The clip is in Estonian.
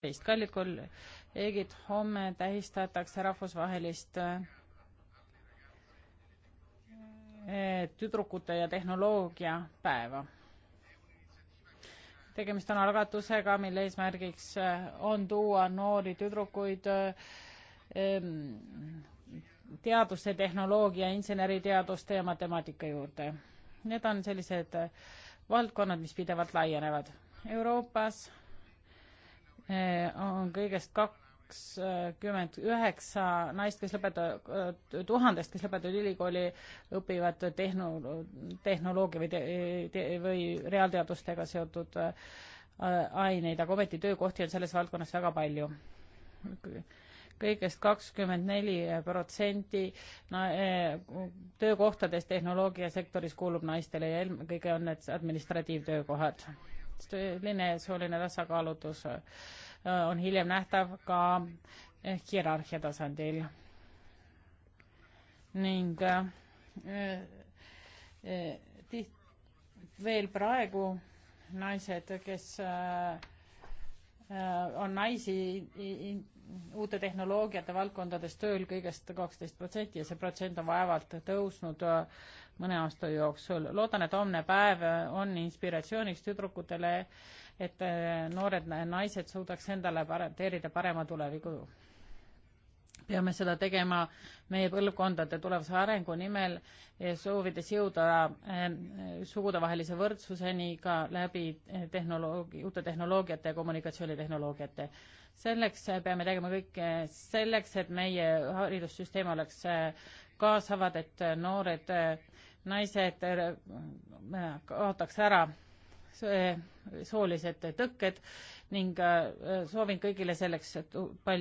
teist. kallid kolleegid, homme tähistatakse rahvusvahelist eh, tüdrukute ja tehnoloogia päeva. tegemist on algatusega, mille eesmärgiks eh, on tuua noori tüdrukuid eh, mm, teaduste, tehnoloogia, inseneriteaduste ja matemaatika juurde. Need on sellised valdkonnad, mis pidevalt laienevad. Euroopas Eh, on kõigest kakskümmend eh, üheksa naist, kes lõpetavad, eh, tuhandest, kes lõpetavad ülikooli, õpivad tehno-, tehnoloogia või te, te, või reaalteadustega seotud aineid, aga ometi töökohti on selles valdkonnas väga palju kõigest kakskümmend neli protsenti töökohtadest tehnoloogiasektoris kuulub naistele ja eelkõige on need administratiivtöökohad sooline, sooline tasakaalutus äh, on hiljem nähtav ka eh, hierarhia tasandil. ning äh, äh, tiht- veel praegu naised, kes äh, Äh, on naisi uute tehnoloogiate valdkondades tööl kõigest kaksteist protsenti ja see protsent on vaevalt tõusnud äh, mõne aasta jooksul. loodan, et homne päev äh, on inspiratsiooniks tüdrukutele, et noored naised suudaks endale garanteerida parema tuleviku peame seda tegema meie põlvkondade tulevase arengu nimel, eh, soovides jõuda eh, sugudevahelise võrdsuseni ka läbi eh, tehnoloogi, uute tehnoloogiate ja kommunikatsioonitehnoloogiate. selleks peame tegema kõike selleks, et meie haridussüsteem oleks kaasavad, et noored naised kaotaks ära soolised tõkked ning soovin kõigile selleks palju